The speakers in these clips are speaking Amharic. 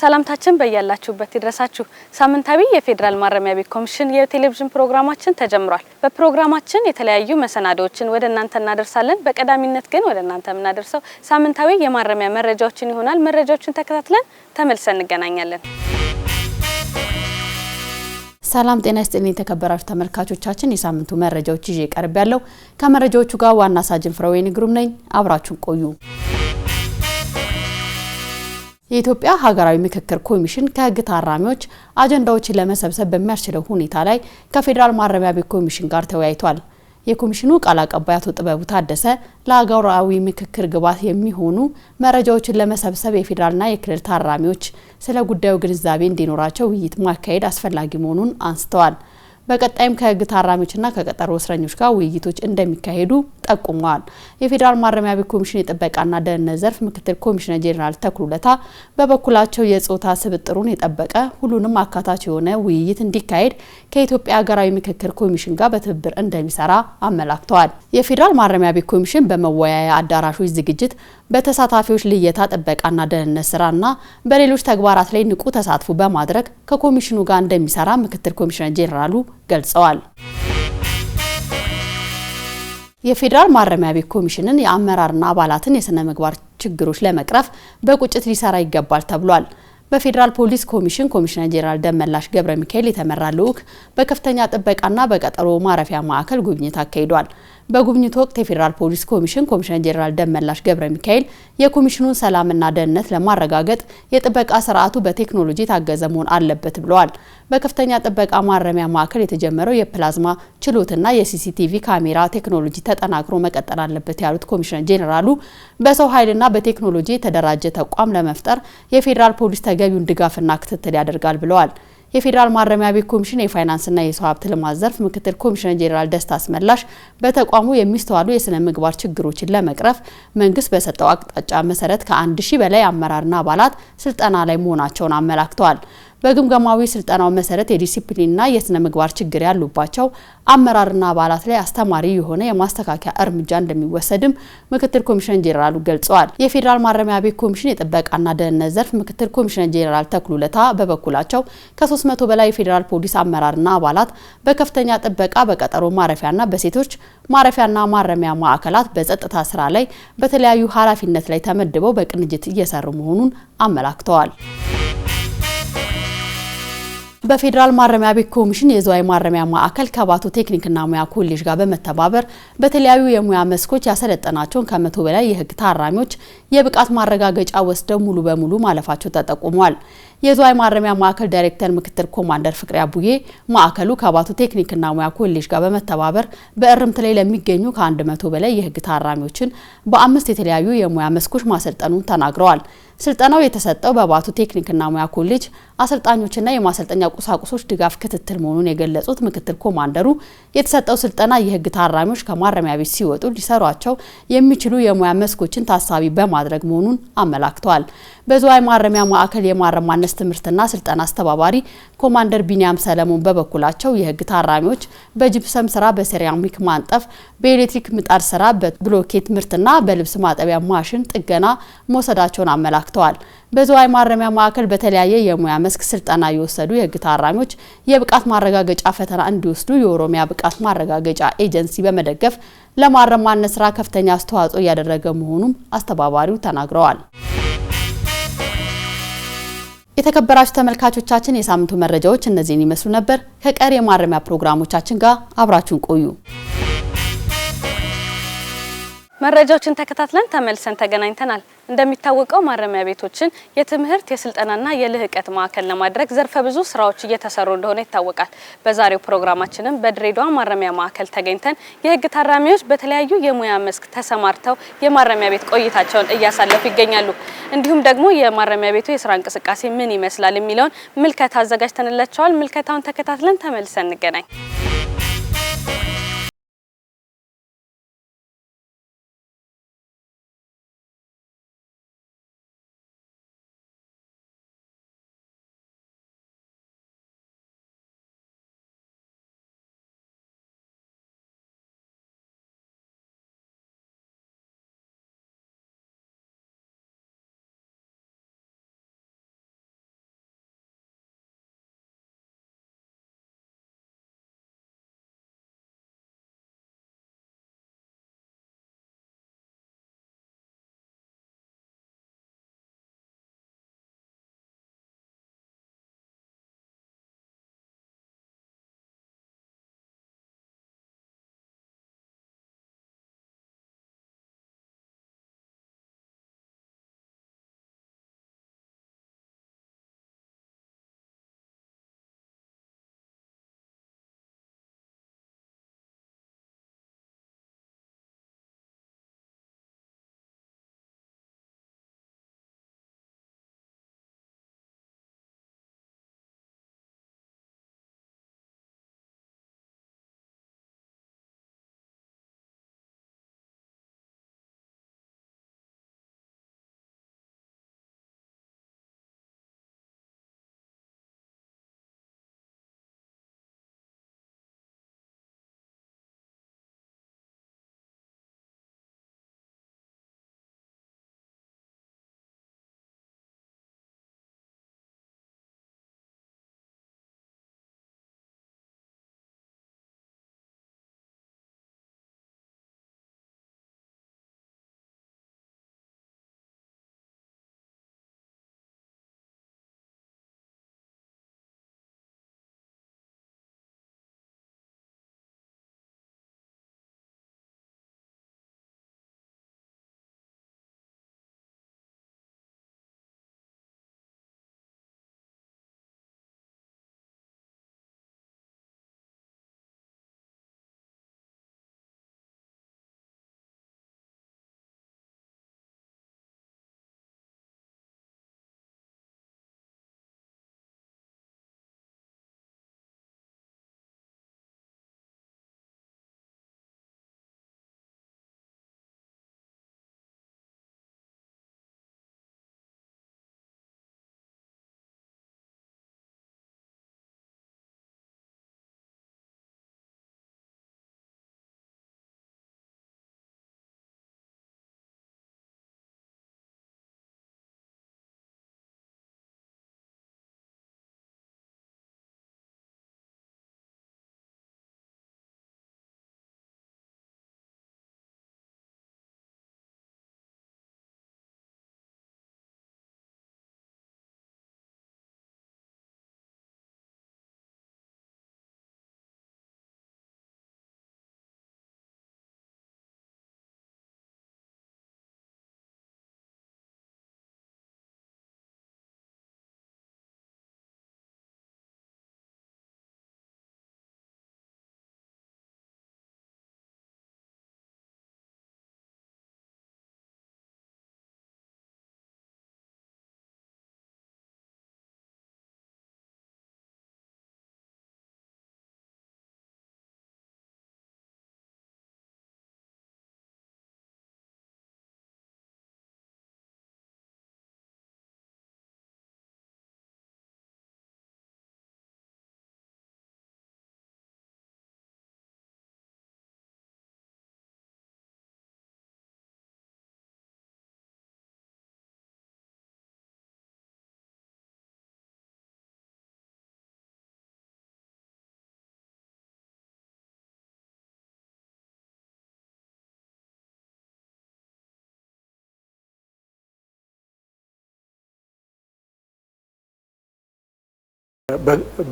ሰላምታችን በያላችሁበት ይድረሳችሁ። ሳምንታዊ የፌዴራል ማረሚያ ቤት ኮሚሽን የቴሌቪዥን ፕሮግራማችን ተጀምሯል። በፕሮግራማችን የተለያዩ መሰናዶዎችን ወደ እናንተ እናደርሳለን። በቀዳሚነት ግን ወደ እናንተ የምናደርሰው ሳምንታዊ የማረሚያ መረጃዎችን ይሆናል። መረጃዎችን ተከታትለን ተመልሰን እንገናኛለን። ሰላም ጤና ይስጥልኝ የተከበራችሁ ተመልካቾቻችን፣ የሳምንቱ መረጃዎች ይዤ ቀርብ ያለው ከመረጃዎቹ ጋር ዋና ሳጅን ፍረወይን ግሩም ነኝ። አብራችሁን ቆዩ። የኢትዮጵያ ሀገራዊ ምክክር ኮሚሽን ከህግ ታራሚዎች አጀንዳዎችን ለመሰብሰብ በሚያስችለው ሁኔታ ላይ ከፌዴራል ማረሚያ ቤት ኮሚሽን ጋር ተወያይቷል። የኮሚሽኑ ቃል አቀባይ አቶ ጥበቡ ታደሰ ለሀገራዊ ምክክር ግብዓት የሚሆኑ መረጃዎችን ለመሰብሰብ የፌዴራልና የክልል ታራሚዎች ስለ ጉዳዩ ግንዛቤ እንዲኖራቸው ውይይት ማካሄድ አስፈላጊ መሆኑን አንስተዋል። በቀጣይም ከህግ ታራሚዎችና ከቀጠሮ እስረኞች ጋር ውይይቶች እንደሚካሄዱ ጠቁመዋል። የፌዴራል ማረሚያ ቤት ኮሚሽን የጥበቃና ደህንነት ዘርፍ ምክትል ኮሚሽነር ጄኔራል ተኩሉለታ በበኩላቸው የጾታ ስብጥሩን የጠበቀ ሁሉንም አካታች የሆነ ውይይት እንዲካሄድ ከኢትዮጵያ ሀገራዊ ምክክር ኮሚሽን ጋር በትብብር እንደሚሰራ አመላክተዋል። የፌዴራል ማረሚያ ቤት ኮሚሽን በመወያያ አዳራሾች ዝግጅት በተሳታፊዎች ልየታ ጥበቃና ደህንነት ስራና በሌሎች ተግባራት ላይ ንቁ ተሳትፎ በማድረግ ከኮሚሽኑ ጋር እንደሚሰራ ምክትል ኮሚሽነር ጄኔራሉ ገልጸዋል። የፌዴራል ማረሚያ ቤት ኮሚሽንን የአመራርና አባላትን የስነ ምግባር ችግሮች ለመቅረፍ በቁጭት ሊሰራ ይገባል ተብሏል። በፌዴራል ፖሊስ ኮሚሽን ኮሚሽነር ጄኔራል ደመላሽ ገብረ ሚካኤል የተመራ ልዑክ በከፍተኛ ጥበቃና በቀጠሮ ማረፊያ ማዕከል ጉብኝት አካሂዷል። በጉብኝቱ ወቅት የፌዴራል ፖሊስ ኮሚሽን ኮሚሽነር ጄኔራል ደመላሽ ገብረ ሚካኤል የኮሚሽኑን ሰላምና ደህንነት ለማረጋገጥ የጥበቃ ስርዓቱ በቴክኖሎጂ የታገዘ መሆን አለበት ብለዋል። በከፍተኛ ጥበቃ ማረሚያ ማዕከል የተጀመረው የፕላዝማ ችሎትና የሲሲቲቪ ካሜራ ቴክኖሎጂ ተጠናክሮ መቀጠል አለበት ያሉት ኮሚሽነር ጄኔራሉ በሰው ኃይልና በቴክኖሎጂ የተደራጀ ተቋም ለመፍጠር የፌዴራል ፖሊስ ተገቢውን ድጋፍና ክትትል ያደርጋል ብለዋል። የፌዴራል ማረሚያ ቤት ኮሚሽን የፋይናንስና የሰው ሀብት ልማት ዘርፍ ምክትል ኮሚሽነር ጄኔራል ደስታ አስመላሽ በተቋሙ የሚስተዋሉ የስነ ምግባር ችግሮችን ለመቅረፍ መንግስት በሰጠው አቅጣጫ መሰረት ከአንድ ሺህ በላይ አመራርና አባላት ስልጠና ላይ መሆናቸውን አመላክተዋል። በግምገማዊ ስልጠናው መሰረት የዲሲፕሊንና የስነ ምግባር ችግር ያሉባቸው አመራርና አባላት ላይ አስተማሪ የሆነ የማስተካከያ እርምጃ እንደሚወሰድም ምክትል ኮሚሽነር ጄኔራሉ ገልጸዋል። የፌዴራል ማረሚያ ቤት ኮሚሽን የጥበቃና ደህንነት ዘርፍ ምክትል ኮሚሽነር ጄኔራል ተክሉለታ በበኩላቸው ከ300 በላይ የፌዴራል ፖሊስ አመራርና አባላት በከፍተኛ ጥበቃ በቀጠሮ ማረፊያና በሴቶች ማረፊያና ማረሚያ ማዕከላት በጸጥታ ስራ ላይ በተለያዩ ኃላፊነት ላይ ተመድበው በቅንጅት እየሰሩ መሆኑን አመላክተዋል። በፌዴራል ማረሚያ ቤት ኮሚሽን የዝዋይ ማረሚያ ማዕከል ከባቱ ቴክኒክና ሙያ ኮሌጅ ጋር በመተባበር በተለያዩ የሙያ መስኮች ያሰለጠናቸውን ከመቶ በላይ የሕግ ታራሚዎች የብቃት ማረጋገጫ ወስደው ሙሉ በሙሉ ማለፋቸው ተጠቁሟል። የዝዋይ ማረሚያ ማዕከል ዳይሬክተር ምክትል ኮማንደር ፍቅሬ አቡዬ ማዕከሉ ከባቱ ቴክኒክና ሙያ ኮሌጅ ጋር በመተባበር በእርምት ላይ ለሚገኙ ከአንድ መቶ በላይ የሕግ ታራሚዎችን በአምስት የተለያዩ የሙያ መስኮች ማሰልጠኑን ተናግረዋል። ስልጠናው የተሰጠው በባቱ ቴክኒክና ሙያ ኮሌጅ አሰልጣኞችና የማሰልጠኛ ቁሳቁሶች ድጋፍ ክትትል መሆኑን የገለጹት ምክትል ኮማንደሩ የተሰጠው ስልጠና የህግ ታራሚዎች ከማረሚያ ቤት ሲወጡ ሊሰሯቸው የሚችሉ የሙያ መስኮችን ታሳቢ በማድረግ መሆኑን አመላክተዋል። በዝዋይ ማረሚያ ማዕከል የማረም ማነስ ትምህርትና ስልጠና አስተባባሪ ኮማንደር ቢኒያም ሰለሞን በበኩላቸው የህግ ታራሚዎች በጅፕሰም ስራ፣ በሴራሚክ ማንጠፍ፣ በኤሌክትሪክ ምጣድ ስራ፣ በብሎኬት ምርትና በልብስ ማጠቢያ ማሽን ጥገና መውሰዳቸውን አመላክተዋል። አመላክተዋል። በዝዋይ ማረሚያ ማዕከል በተለያየ የሙያ መስክ ስልጠና የወሰዱ የህግ ታራሚዎች የብቃት ማረጋገጫ ፈተና እንዲወስዱ የኦሮሚያ ብቃት ማረጋገጫ ኤጀንሲ በመደገፍ ለማረም ማነጽ ስራ ከፍተኛ አስተዋጽኦ እያደረገ መሆኑም አስተባባሪው ተናግረዋል። የተከበራችሁ ተመልካቾቻችን የሳምንቱ መረጃዎች እነዚህን ይመስሉ ነበር። ከቀሪ የማረሚያ ፕሮግራሞቻችን ጋር አብራችሁን ቆዩ። መረጃዎችን ተከታትለን ተመልሰን ተገናኝተናል። እንደሚታወቀው ማረሚያ ቤቶችን የትምህርት የስልጠናና የልህቀት ማዕከል ለማድረግ ዘርፈ ብዙ ስራዎች እየተሰሩ እንደሆነ ይታወቃል። በዛሬው ፕሮግራማችንም በድሬዳዋ ማረሚያ ማዕከል ተገኝተን የህግ ታራሚዎች በተለያዩ የሙያ መስክ ተሰማርተው የማረሚያ ቤት ቆይታቸውን እያሳለፉ ይገኛሉ። እንዲሁም ደግሞ የማረሚያ ቤቱ የስራ እንቅስቃሴ ምን ይመስላል የሚለውን ምልከታ አዘጋጅተንላቸዋል። ምልከታውን ተከታትለን ተመልሰን እንገናኝ።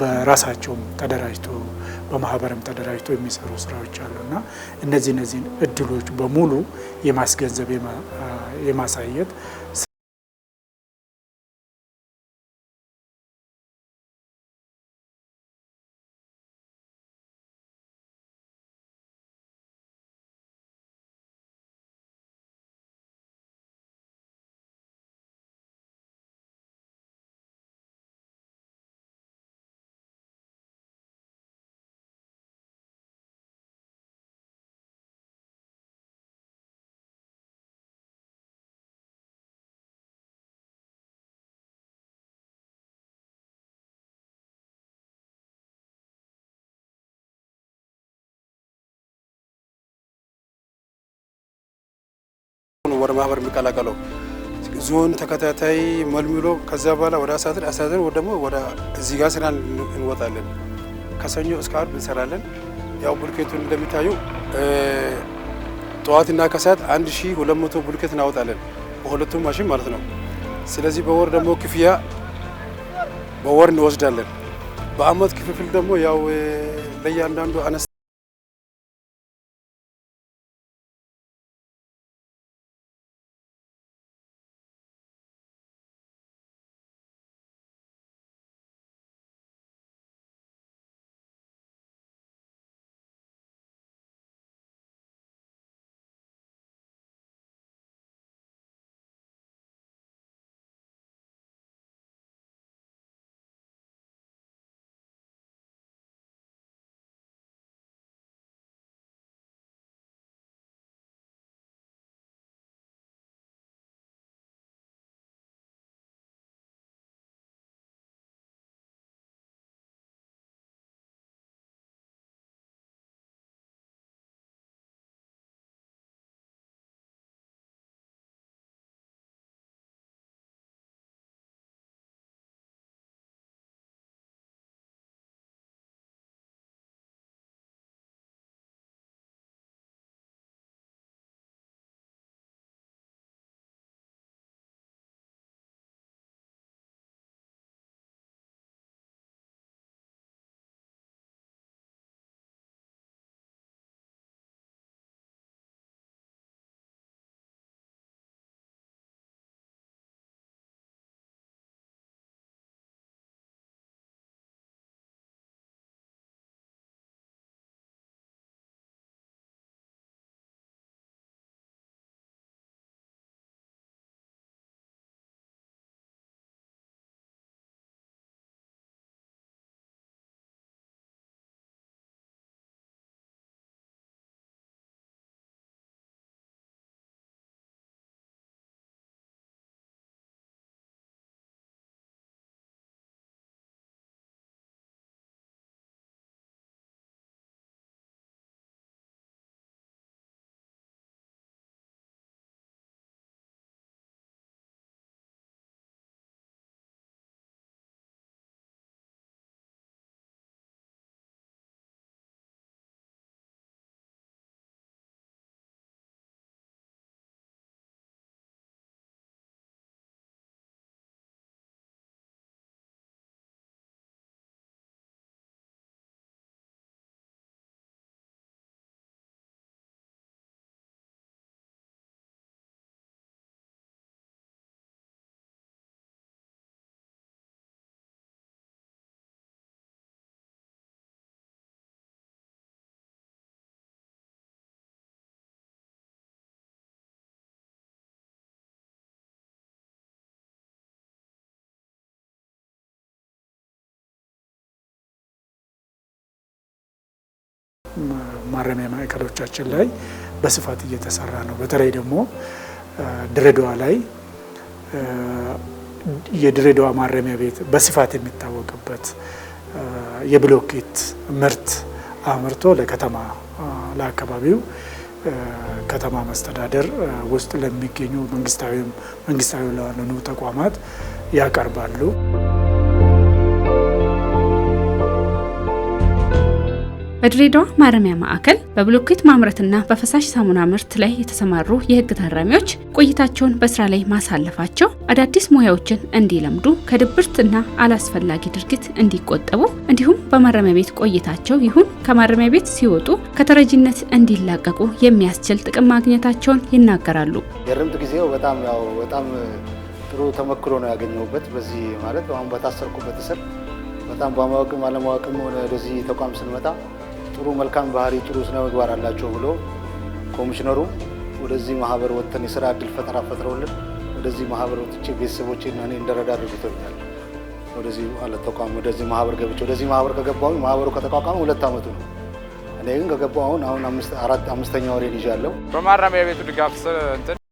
በራሳቸውም ተደራጅቶ በማህበርም ተደራጅቶ የሚሰሩ ስራዎች አሉና እነዚህ እነዚህን እድሎች በሙሉ የማስገንዘብ የማሳየት ነው ወደ ማህበር የሚቀላቀለው። ዞን ተከታታይ መልምሎ ከዛ በኋላ ወደ አሳድር አሳድር ወደ ደግሞ ወደ እዚህ ጋር ስራ እንወጣለን። ከሰኞ እስከ አርብ እንሰራለን። ያው ቡልኬቱን እንደሚታዩ ጠዋትና ከሰዓት 1200 ቡልኬት እናወጣለን በሁለቱም ማሽን ማለት ነው። ስለዚህ በወር ደግሞ ክፍያ በወር እንወስዳለን። በአመት ክፍፍል ደግሞ ያው ለእያንዳንዱ አነስ ማረሚያ ማዕከሎቻችን ላይ በስፋት እየተሰራ ነው። በተለይ ደግሞ ድሬዳዋ ላይ የድሬዳዋ ማረሚያ ቤት በስፋት የሚታወቅበት የብሎኬት ምርት አምርቶ ለከተማ ለአካባቢው ከተማ መስተዳደር ውስጥ ለሚገኙ መንግስታዊ መንግስታዊ ለሆኑ ተቋማት ያቀርባሉ። በድሬዳዋ ማረሚያ ማዕከል በብሎኬት ማምረትና በፈሳሽ ሳሙና ምርት ላይ የተሰማሩ የህግ ታራሚዎች ቆይታቸውን በስራ ላይ ማሳለፋቸው አዳዲስ ሙያዎችን እንዲለምዱ፣ ከድብርትና አላስፈላጊ ድርጊት እንዲቆጠቡ እንዲሁም በማረሚያ ቤት ቆይታቸው ይሁን ከማረሚያ ቤት ሲወጡ ከተረጂነት እንዲላቀቁ የሚያስችል ጥቅም ማግኘታቸውን ይናገራሉ። የርምት ጊዜው በጣም ያው በጣም ጥሩ ተመክሮ ነው ያገኘሁበት። በዚህ ማለት አሁን በታሰርኩበት እስር በጣም በማወቅም አለማወቅም ወደዚህ ተቋም ስንመጣ ጥሩ መልካም ባህሪ፣ ጥሩ ስነ ምግባር አላቸው ብሎ ኮሚሽነሩ ወደዚህ ማህበር ወጥተን የስራ እድል ፈጠራ ፈጥረውልን ወደዚህ ማህበር ወጥቼ ቤተሰቦቼ እና እኔ እንደረዳ አድርጎኛል። ወደዚህ አለ ተቋም ወደዚህ ማህበር ገብቼ ወደዚህ ማህበር ከገባሁ ማህበሩ ከተቋቋመ ሁለት ዓመቱ ነው። እኔ ግን ከገባሁ አሁን አሁን አምስተኛ ወሬ ይዣለሁ። በማረሚያ ቤቱ ድጋፍ እንትን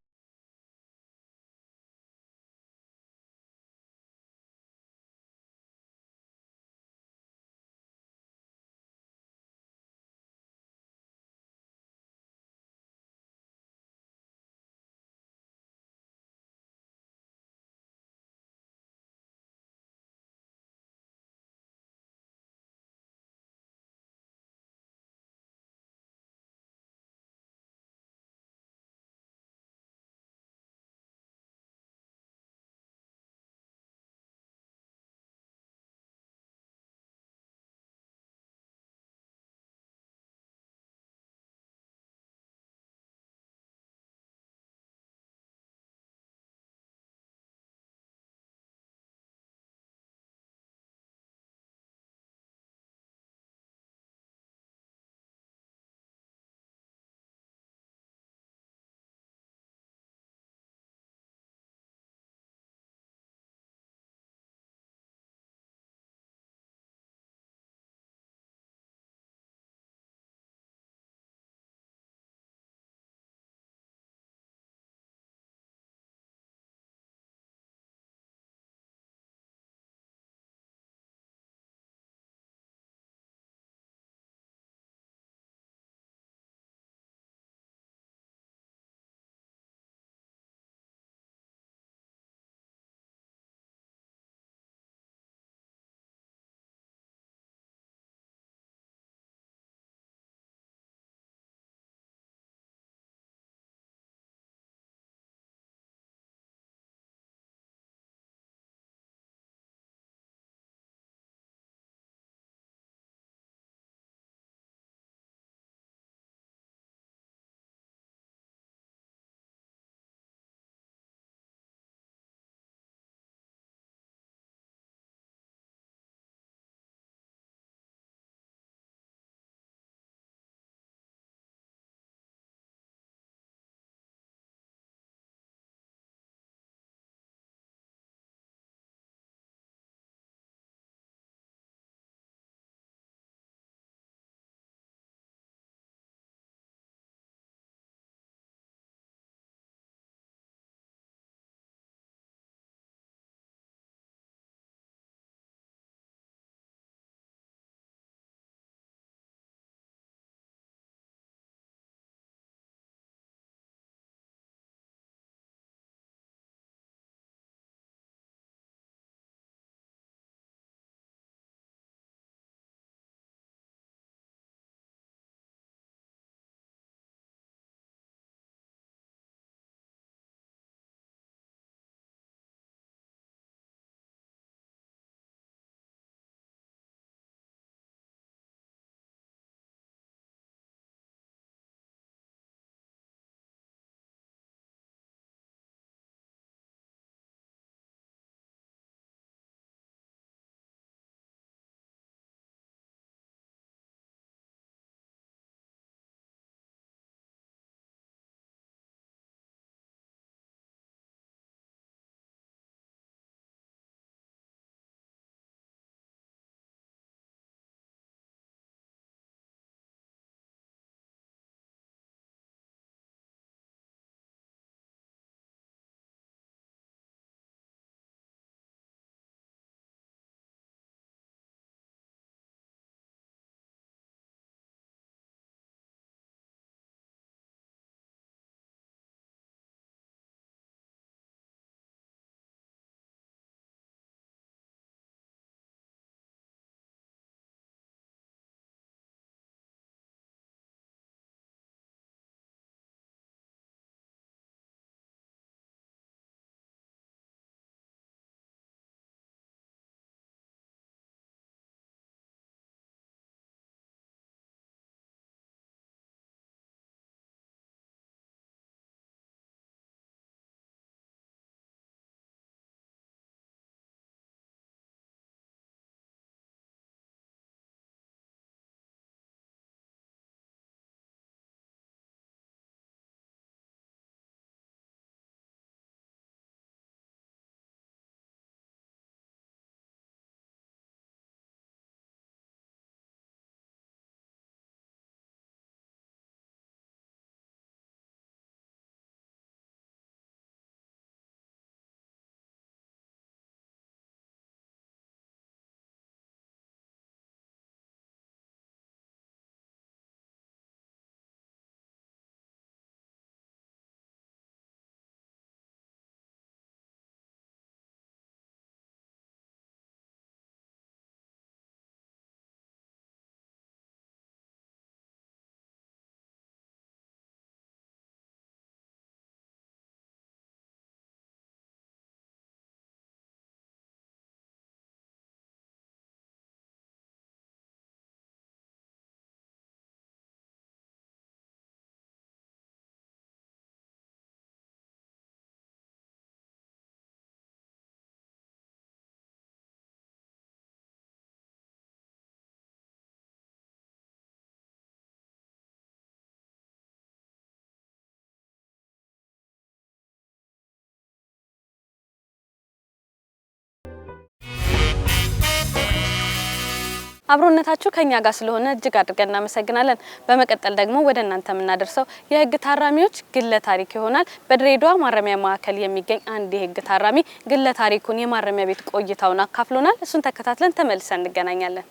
አብሮነታችሁ ከኛ ጋር ስለሆነ እጅግ አድርገን እናመሰግናለን። በመቀጠል ደግሞ ወደ እናንተ የምናደርሰው የህግ ታራሚዎች ግለ ታሪክ ይሆናል። በድሬዳዋ ማረሚያ ማዕከል የሚገኝ አንድ የህግ ታራሚ ግለ ታሪኩን የማረሚያ ቤት ቆይታውን አካፍሎናል። እሱን ተከታትለን ተመልሰን እንገናኛለን።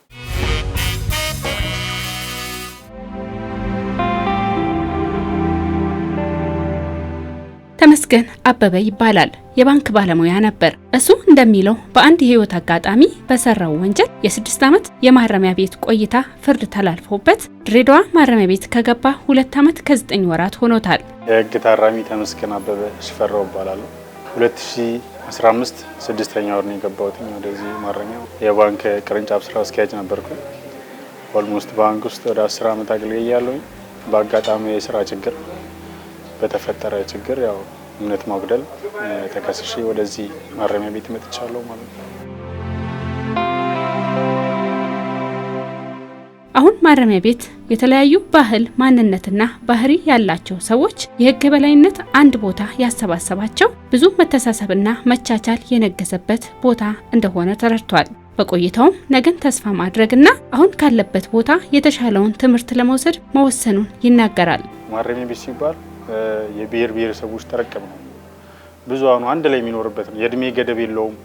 ተመስገን አበበ ይባላል። የባንክ ባለሙያ ነበር። እሱ እንደሚለው በአንድ የህይወት አጋጣሚ በሰራው ወንጀል የስድስት ዓመት የማረሚያ ቤት ቆይታ ፍርድ ተላልፎበት ድሬዳዋ ማረሚያ ቤት ከገባ ሁለት ዓመት ከዘጠኝ ወራት ሆኖታል። የህግ ታራሚ ተመስገን አበበ ሽፈራው ይባላሉ። 2015 ስድስተኛ ወር ነው የገባሁት ወደዚህ ማረሚያ። የባንክ ቅርንጫፍ ስራ አስኪያጅ ነበርኩ። ኦልሞስት ባንክ ውስጥ ወደ 10 ዓመት አገልግያለሁ። በአጋጣሚ የስራ ችግር በተፈጠረ ችግር ያው እምነት ማጉደል ተከስሼ ወደዚህ ማረሚያ ቤት መጥቻለሁ ማለት ነው። አሁን ማረሚያ ቤት የተለያዩ ባህል፣ ማንነትና ባህሪ ያላቸው ሰዎች የህገ የበላይነት አንድ ቦታ ያሰባሰባቸው ብዙ መተሳሰብና መቻቻል የነገሰበት ቦታ እንደሆነ ተረድቷል። በቆይታውም ነገን ተስፋ ማድረግና አሁን ካለበት ቦታ የተሻለውን ትምህርት ለመውሰድ መወሰኑን ይናገራል። ማረሚያ ቤት ሲባል የብሔር ብሔረሰቦች ጠረቅም ነው። ብዙሃኑ አንድ ላይ የሚኖርበት ነው። የእድሜ ገደብ የለውም፣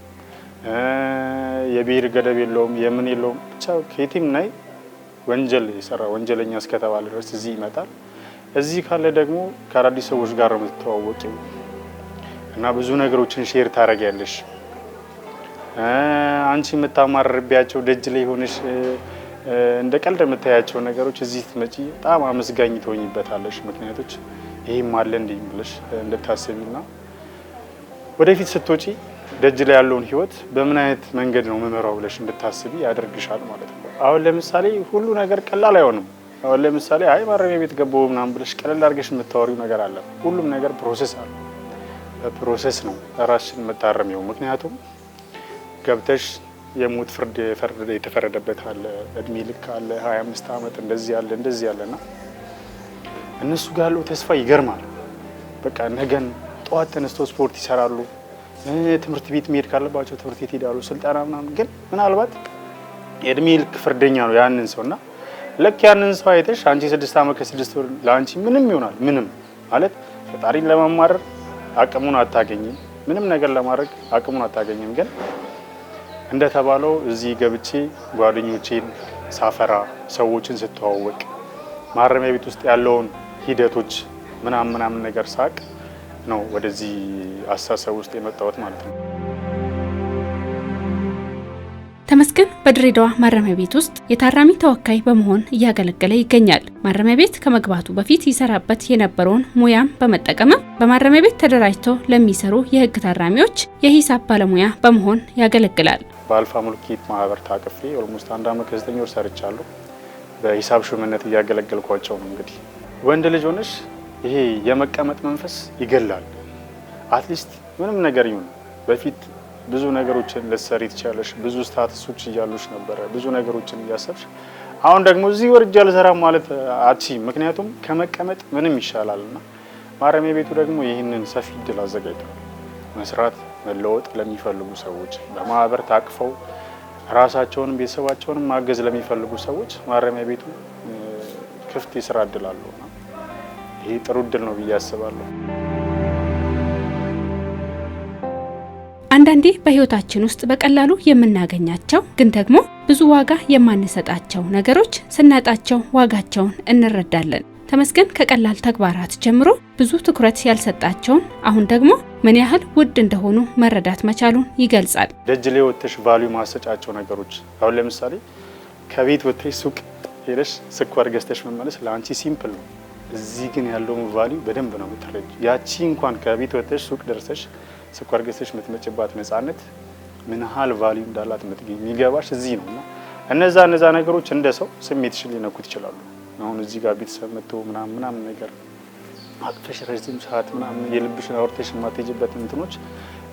የብሔር ገደብ የለውም፣ የምን የለውም። ብቻ ከየትም ናይ ወንጀል የሰራ ወንጀለኛ እስከተባለ ድረስ እዚህ ይመጣል። እዚህ ካለ ደግሞ ከአዳዲስ ሰዎች ጋር ነው የምትተዋወቂው እና ብዙ ነገሮችን ሼር ታደርጊያለሽ። አንቺ የምታማርቢያቸው ደጅ ላይ ሆነሽ እንደ ቀልድ የምታያቸው ነገሮች እዚህ ትመጪ በጣም አመስጋኝ ትሆኝበታለሽ። ምክንያቶች ይህም አለ እንዲህ ብለሽ እንድታስቢና ወደፊት ስትወጪ ደጅ ላይ ያለውን ህይወት በምን አይነት መንገድ ነው መመራው ብለሽ እንድታስቢ ያደርግሻል ማለት ነው። አሁን ለምሳሌ ሁሉ ነገር ቀላል አይሆንም። አሁን ለምሳሌ አይ ማረሚያ ቤት ገባሁ ምናምን ብለሽ ቀለል አድርገሽ የምታወሪው ነገር አለ። ሁሉም ነገር ፕሮሰስ አለ። በፕሮሰስ ነው ራስሽን የምታረሚው። ምክንያቱም ገብተሽ የሞት ፍርድ የተፈረደበት አለ፣ እድሜ ልክ አለ፣ 25 ዓመት እንደዚህ አለ እንደዚህ ያለና እነሱ ጋር ያለው ተስፋ ይገርማል። በቃ ነገን ጠዋት ተነስተው ስፖርት ይሰራሉ። ትምህርት ቤት መሄድ ካለባቸው ትምህርት ቤት ሄዳሉ። ስልጠና ምናምን ግን ምናልባት የእድሜ ልክ ፍርደኛ ነው ያንን ሰው እና ልክ ያንን ሰው አይተሽ አንቺ ስድስት ዓመት ከስድስት ወር ለአንቺ ምንም ይሆናል። ምንም ማለት ፈጣሪን ለማማረር አቅሙን አታገኝም። ምንም ነገር ለማድረግ አቅሙን አታገኝም። ግን እንደተባለው እዚህ ገብቼ ጓደኞቼን ሳፈራ፣ ሰዎችን ስተዋወቅ ማረሚያ ቤት ውስጥ ያለውን ሂደቶች ምናምን ምናምን ነገር ሳቅ ነው ወደዚህ አስተሳሰብ ውስጥ የመጣሁት ማለት ነው። ተመስገን በድሬዳዋ ማረሚያ ቤት ውስጥ የታራሚ ተወካይ በመሆን እያገለገለ ይገኛል። ማረሚያ ቤት ከመግባቱ በፊት ይሰራበት የነበረውን ሙያም በመጠቀም በማረሚያ ቤት ተደራጅተው ለሚሰሩ የህግ ታራሚዎች የሂሳብ ባለሙያ በመሆን ያገለግላል። በአልፋ ሙልኪት ማህበር ታቅፌ ኦልሞስት አንድ አመት ከዘጠኝ ወር ሰርቻለሁ። በሂሳብ ሹምነት እያገለገልኳቸው ነው እንግዲህ ወንድ ልጅ ሆነሽ ይሄ የመቀመጥ መንፈስ ይገላል። አትሊስት ምንም ነገር ይሁን በፊት ብዙ ነገሮችን ልትሰሪ ትችላለሽ። ብዙ ስታትሶች እያሉሽ ነበረ፣ ብዙ ነገሮችን እያሰብሽ። አሁን ደግሞ እዚህ ወርጃ አልሰራም ማለት አቺ፣ ምክንያቱም ከመቀመጥ ምንም ይሻላልና። ማረሚያ ቤቱ ደግሞ ይህንን ሰፊ እድል አዘጋጅቷል። መስራት መለወጥ ለሚፈልጉ ሰዎች በማህበር ታቅፈው ራሳቸውንም ቤተሰባቸውንም ማገዝ ለሚፈልጉ ሰዎች ማረሚያ ቤቱ ክፍት የስራ እድል አለው። ይሄ ጥሩ እድል ነው ብዬ አስባለሁ። አንዳንዴ በህይወታችን ውስጥ በቀላሉ የምናገኛቸው ግን ደግሞ ብዙ ዋጋ የማንሰጣቸው ነገሮች ስናጣቸው ዋጋቸውን እንረዳለን። ተመስገን ከቀላል ተግባራት ጀምሮ ብዙ ትኩረት ያልሰጣቸውን አሁን ደግሞ ምን ያህል ውድ እንደሆኑ መረዳት መቻሉን ይገልጻል። ደጅ ላይ ወጥተሽ ቫልዩ ማሰጫቸው ነገሮች አሁን ለምሳሌ ከቤት ወጥተሽ ሱቅ ሄደሽ ስኳር ገዝተሽ መመለስ ለአንቺ ሲምፕል ነው እዚህ ግን ያለውን ቫሊዩ በደንብ ነው የምትረጅ። ያቺ እንኳን ከቤት ወተሽ ሱቅ ደርሰሽ ስኳር ገዝተሽ የምትመጭባት ነፃነት ምን ያህል ቫሊዩ እንዳላት የምትገኝ የሚገባሽ እዚህ ነው። እና እነዛ እነዛ ነገሮች እንደ ሰው ስሜትሽን ሊነኩት ይችላሉ። አሁን እዚህ ጋር ቤተሰብ መጥቶ ምናምን ምናምን ነገር አቅፈሽ ረዥም ሰዓት ምናምን የልብሽን አውርተሽ የማትሄጂበት እንትኖች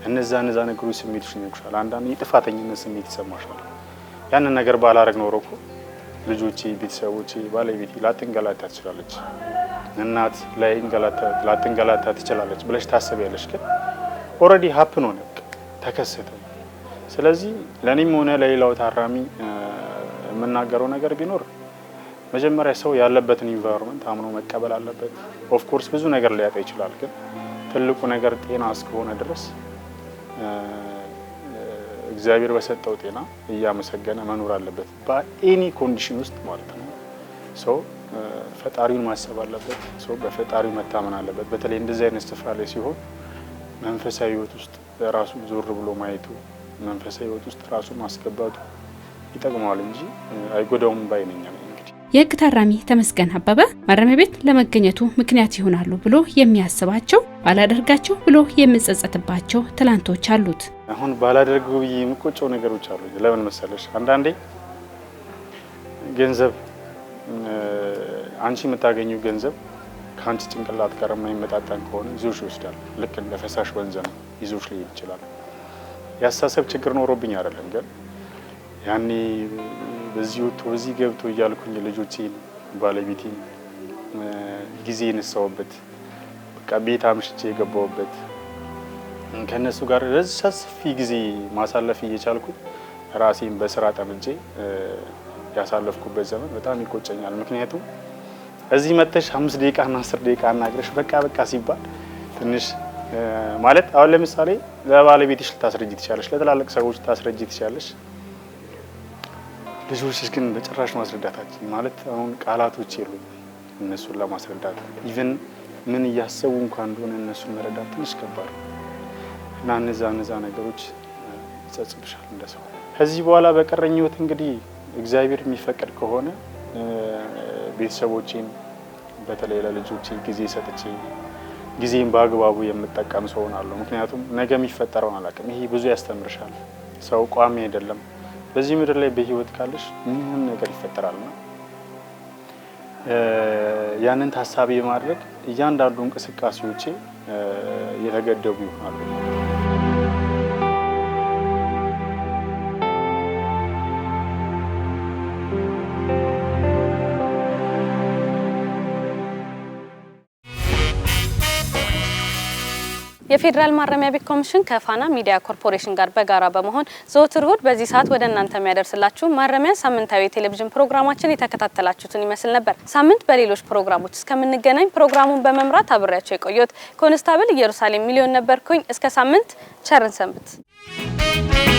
እነዛ እነዛ ነገሮች ስሜትሽን ይነኩሻል። አንዳንድ የጥፋተኝነት ስሜት ይሰማሻል። ያንን ነገር ባላረግ ኖሮ እኮ ልጆቼ፣ ቤተሰቦቼ፣ ባለቤቴ ላትንገላታ ትችላለች። እናት ላትንገላታ ትችላለች ብለሽ ታስቢያለሽ። ግን ኦልሬዲ ሀፕን ሆነ ተከሰተ። ስለዚህ ለእኔም ሆነ ለሌላው ታራሚ የምናገረው ነገር ቢኖር መጀመሪያ ሰው ያለበትን ኢንቫይሮንመንት አምኖ መቀበል አለበት። ኦፍኮርስ ብዙ ነገር ሊያጣ ይችላል። ግን ትልቁ ነገር ጤና እስከሆነ ድረስ እግዚአብሔር በሰጠው ጤና እያመሰገነ መኖር አለበት በኤኒ ኮንዲሽን ውስጥ ማለት ነው። ፈጣሪውን ማሰብ አለበት። ሰው በፈጣሪው መታመን አለበት። በተለይ እንደዚህ አይነት ስፍራ ላይ ሲሆን መንፈሳዊ ህይወት ውስጥ ራሱ ዞር ብሎ ማየቱ መንፈሳዊ ህይወት ውስጥ ራሱ ማስገባቱ ይጠቅመዋል እንጂ አይጎዳውም ባይነኛል። የህግ ታራሚ ተመስገን አበበ ማረሚያ ቤት ለመገኘቱ ምክንያት ይሆናሉ ብሎ የሚያስባቸው ባላደርጋቸው ብሎ የምጸጸትባቸው ትላንቶች አሉት። አሁን ባላደርገው ብዬ የምቆጨው ነገሮች አሉ። ለምን መሰለሽ? አንዳንዴ ገንዘብ አንቺ የምታገኘው ገንዘብ ከአንቺ ጭንቅላት ጋር የማይመጣጠን ከሆነ ይዞሽ ይወስዳል። ልክ እንደ ፈሳሽ ወንዝ ነው፣ ይዞሽ ሊሄድ ይችላል። የአስተሳሰብ ችግር ኖሮብኝ አይደለም፣ ግን ያኔ በዚህ ወጥቶ በዚህ ገብቶ እያልኩኝ ልጆቼን ባለቤቴን ጊዜ የነሳውበት በቃ ቤት አምሽቼ የገባውበት ከእነሱ ጋር ረዛ ሰፊ ጊዜ ማሳለፍ እየቻልኩኝ ራሴን በስራ ጠምጄ ያሳለፍኩበት ዘመን በጣም ይቆጨኛል። ምክንያቱም እዚህ መጥተሽ አምስት እና አስር ደቂቃ አናግረሽ በቃ በቃ ሲባል ትንሽ ማለት አሁን ለምሳሌ ለባለቤትሽ ልታስረጅ ትችላለሽ፣ ለትላልቅ ሰዎች ልታስረጅ ትችላለሽ። ልጆችሽ ግን በጭራሽ ማስረዳታችን ማለት አሁን ቃላቶች የሉ እነሱን ለማስረዳት ኢቨን ምን እያሰቡ እንኳን እንደሆነ እነሱን መረዳት ትንሽ ከባድ እና እነዛ እነዛ ነገሮች ይጸጽቱሻል እንደሰው ከዚህ በኋላ በቀረኝ ህይወት እንግዲህ እግዚአብሔር የሚፈቅድ ከሆነ ቤተሰቦቼን በተለይ ለልጆቼ ጊዜ ሰጥቼ ጊዜም በአግባቡ የምጠቀም ሰው ሆናለሁ። ምክንያቱም ነገ የሚፈጠረውን አላውቅም። ይሄ ብዙ ያስተምርሻል። ሰው ቋሚ አይደለም። በዚህ ምድር ላይ በህይወት ካለሽ ምንም ነገር ነው ያንን ታሳቢ ማድረግ እያንዳንዱ እንቅስቃሴዎቼ የተገደቡ ይሆናሉ። የፌዴራል ማረሚያ ቤት ኮሚሽን ከፋና ሚዲያ ኮርፖሬሽን ጋር በጋራ በመሆን ዘወትር እሁድ በዚህ ሰዓት ወደ እናንተ የሚያደርስላችሁ ማረሚያ ሳምንታዊ የቴሌቪዥን ፕሮግራማችን የተከታተላችሁትን ይመስል ነበር። ሳምንት በሌሎች ፕሮግራሞች እስከምንገናኝ ፕሮግራሙን በመምራት አብሬያቸው የቆየሁት ኮንስታብል ኢየሩሳሌም ሚሊዮን ነበርኩኝ። እስከ ሳምንት ቸርን ሰንብት።